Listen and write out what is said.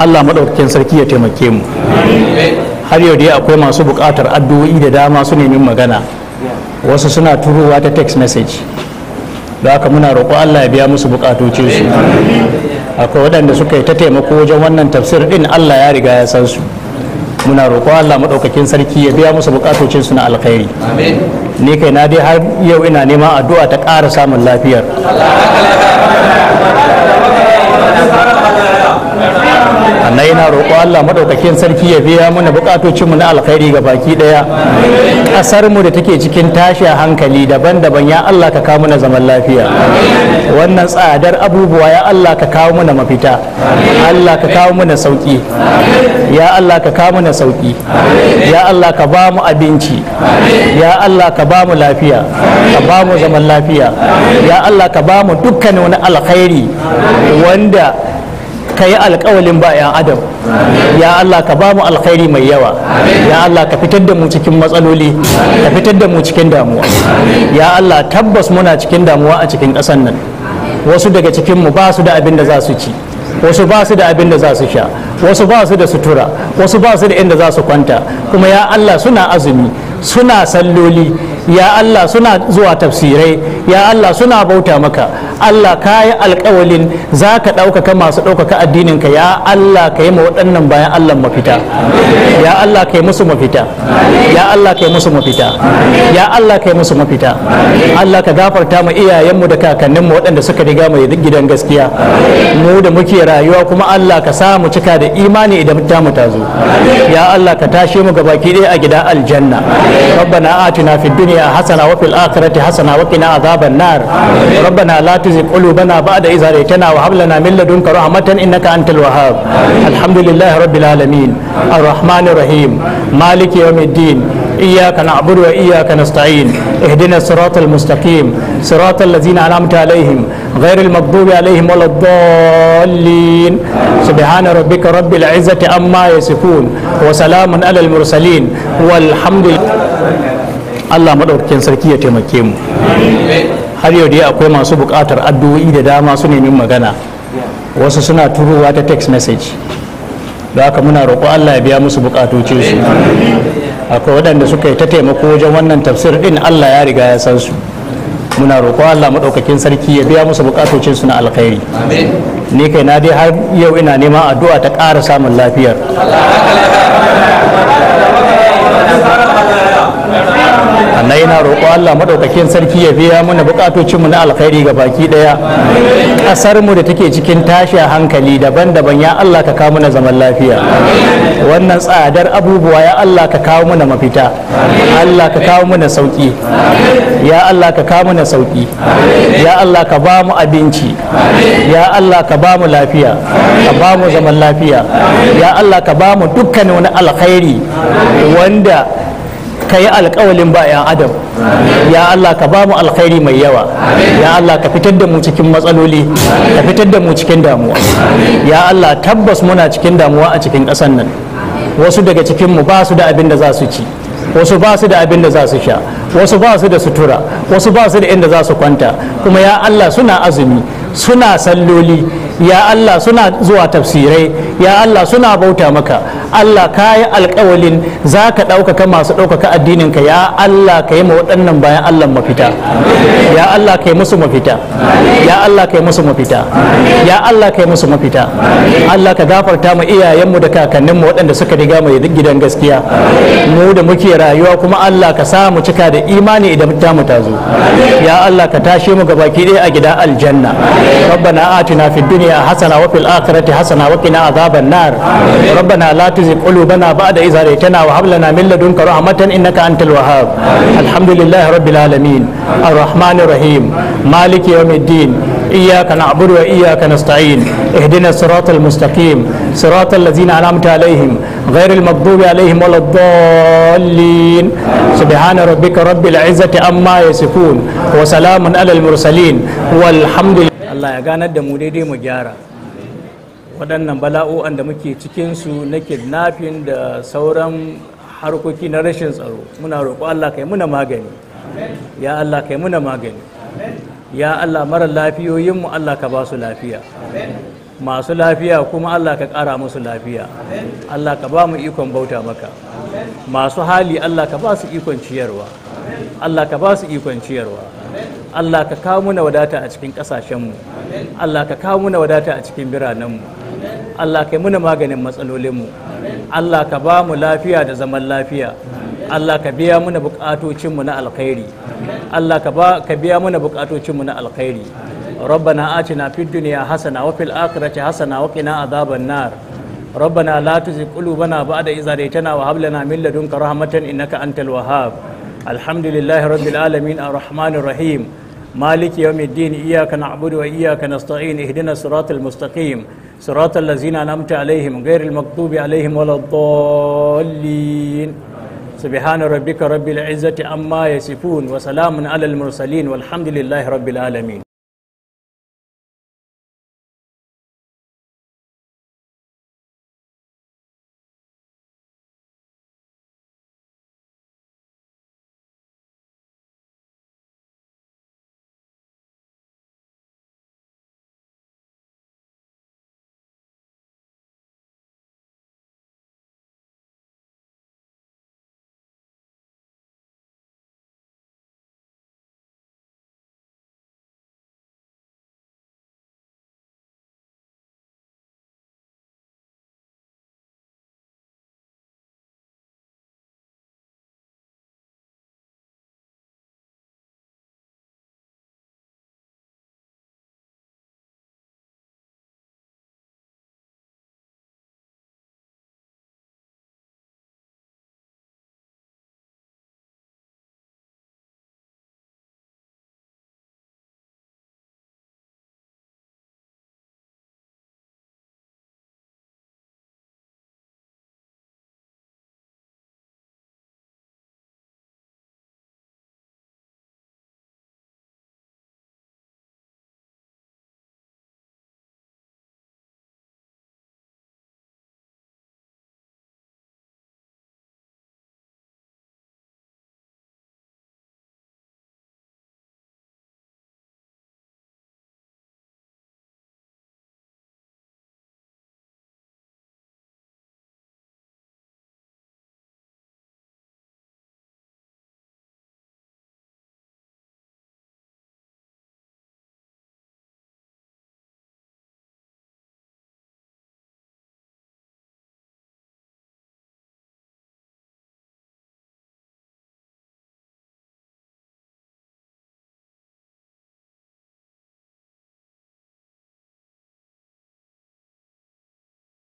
Allah maɗaukakin sarki ya taimake mu har yau dai akwai masu buƙatar addu'o'i da dama su nemi magana wasu suna turowa ta text message da haka muna roƙo Allah ya biya musu buƙatocin su akwai waɗanda suka yi ta taimako wajen wannan tafsir ɗin Allah ya riga ya san su muna roƙo Allah maɗaukakin sarki ya biya musu buƙatocin su na alkhairi ni kai na dai har yau ina neman addu'a ta ƙara samun lafiyar muna roƙo Allah madaukakin sarki ya biya muna bukatocin mu na alkhairi ga baki daya kasar mu da take cikin tashi a hankali daban-daban ya Allah ka kawo muna zaman lafiya wannan tsadar abubuwa ya Allah ka kawo muna mafita Allah ka kawo muna sauki ya Allah ka kawo muna sauki ya Allah ka ba mu abinci ya Allah ka ba mu lafiya ka ba mu zaman lafiya ya Allah ka ba mu dukkan wani alkhairi wanda ka yi alkawalin ba ya adam ya Allah ka ba mu alkhairi mai yawa ya Allah ka fitar da mu cikin matsaloli ka fitar da mu cikin damuwa ya Allah tabbas muna cikin damuwa a cikin ƙasan nan wasu daga cikinmu ba su da abin da za su ci wasu ba su da abin da za su sha wasu ba su da sutura wasu ba su da inda za su kwanta kuma ya Allah suna azumi suna salloli ya Allah suna zuwa tafsirai ya Allah suna bauta maka Allah ka yi alkawalin za ka ɗaukaka masu ɗaukaka addininka ya Allah ka yi ma waɗannan bayan Allah mafita ya Allah ka yi musu mafita ya Allah ka yi musu mafita ya Allah ka yi musu mafita Allah ka gafarta mu iyayenmu da kakanninmu waɗanda suka riga mu gidan gaskiya mu da muke rayuwa kuma Allah ka sa mu cika da imani idan ta mu zo ya Allah ka tashe mu gabaki ɗaya a gida aljanna rabbana atina fid الدنيا حسنة وفي الآخرة حسنة وقنا عذاب النار آمين. ربنا لا تزغ قلوبنا بعد إذا هديتنا وهب لنا من لدنك رحمة إنك أنت الوهاب الحمد لله رب العالمين الرحمن الرحيم مالك يوم الدين إياك نعبد وإياك نستعين اهدنا الصراط المستقيم صراط الذين أنعمت عليهم غير المغضوب عليهم ولا الضالين سبحان ربك رب العزة عما يصفون وسلام على المرسلين والحمد لله Allah maɗaukakin sarki ya taimake mu har yau dai akwai masu buƙatar addu'o'i da dama su nemi magana wasu suna turowa ta text message da haka muna roƙo Allah ya biya musu buƙatoci su akwai waɗanda suka yi ta taimako wajen wannan tafsir ɗin Allah ya riga ya san su muna roƙo Allah maɗaukakin sarki ya biya musu buƙatocin su na alkhairi ni kai na dai har yau ina neman addu'a ta ƙara samun lafiyar sannan yana roƙo Allah maɗaukakin sarki ya biya mana buƙatocinmu na alkhairi ga baki ɗaya ƙasarmu da take cikin tashi a hankali daban-daban ya Allah ka kawo mana zaman lafiya wannan tsadar abubuwa ya Allah ka kawo mana mafita Allah ka kawo mana sauƙi ya Allah ka kawo mana sauƙi ya Allah ka ba mu abinci ya Allah ka ba mu lafiya ka ba mu zaman lafiya ya Allah ka ba mu dukkan wani alkhairi wanda ka yi alkawalin ba ya adam ya Allah ka ba mu alkhairi mai yawa ya Allah ka fitar da mu cikin matsaloli ka fitar da mu cikin damuwa ya Allah tabbas muna cikin damuwa a cikin ƙasan nan wasu daga cikin mu ba su da abin da za su ci wasu ba su da abin da za su sha wasu ba su da sutura wasu ba su da inda za su kwanta kuma ya Allah suna azumi suna salloli ya Allah suna zuwa tafsirai ya Allah suna bauta maka Allah ka yi alkawalin za ka ɗaukaka masu ɗaukaka addininka ya Allah ka yi ma waɗannan bayan Allah mafita ya Allah ka yi musu mafita ya Allah ka yi musu mafita ya Allah ka yi musu mafita Allah ka gafarta mu iyayenmu da kakanninmu waɗanda suka riga mai gidan gaskiya mu da muke rayuwa kuma Allah ka sa mu cika da imani idan ta mu tazo ya Allah ka tashe mu gabaki ɗaya a gida aljanna rabbana atina fid dunya hasana wa fil akhirati hasana wa qina adhab عذاب النار آمين. ربنا لا تزغ قلوبنا بعد إذ هديتنا وهب لنا من لدنك رحمة إنك أنت الوهاب الحمد لله رب العالمين الرحمن الرحيم مالك يوم الدين إياك نعبد وإياك نستعين اهدنا الصراط المستقيم صراط الذين أنعمت عليهم غير المغضوب عليهم ولا الضالين سبحان ربك رب العزة عما يصفون وسلام على المرسلين والحمد لله الله يغانا دمودي دي مجارة waɗannan bala'o'an da muke cikinsu na kidnapping da sauran harkoki na rashin tsaro muna roƙo allah kai muna magani ya allah kai muna magani ya allah mara lafiyoyinmu allah ka ba su lafiya masu lafiya kuma allah ka ƙara musu lafiya allah ka ba mu ikon bauta maka masu hali allah ka ba su ikon ciyarwa allah ka ba su ikon ciyarwa allah ka kawo muna wadata a cikin ƙasashenmu allah ka kawo muna wadata a cikin biranenmu Allah kai muna maganin matsalolinmu Allah ka ba mu lafiya da zaman lafiya Allah ka biya muna bukatocinmu na alkhairi Allah ka biya muna bukatocinmu na alkhairi ربنا آتنا في الدنيا حسنة وفي الآخرة حسنة وقنا عذاب النار ربنا لا تزغ قلوبنا بعد إذ هديتنا وهب لنا من لدنك رحمة إنك أنت الوهاب الحمد لله رب العالمين الرحمن الرحيم مالك يوم الدين إياك نعبد وإياك نستعين اهدنا الصراط المستقيم صراط الذين أنعمت عليهم غير المغضوب عليهم ولا الضالين سبحان ربك رب العزة عما يصفون وسلام على المرسلين والحمد لله رب العالمين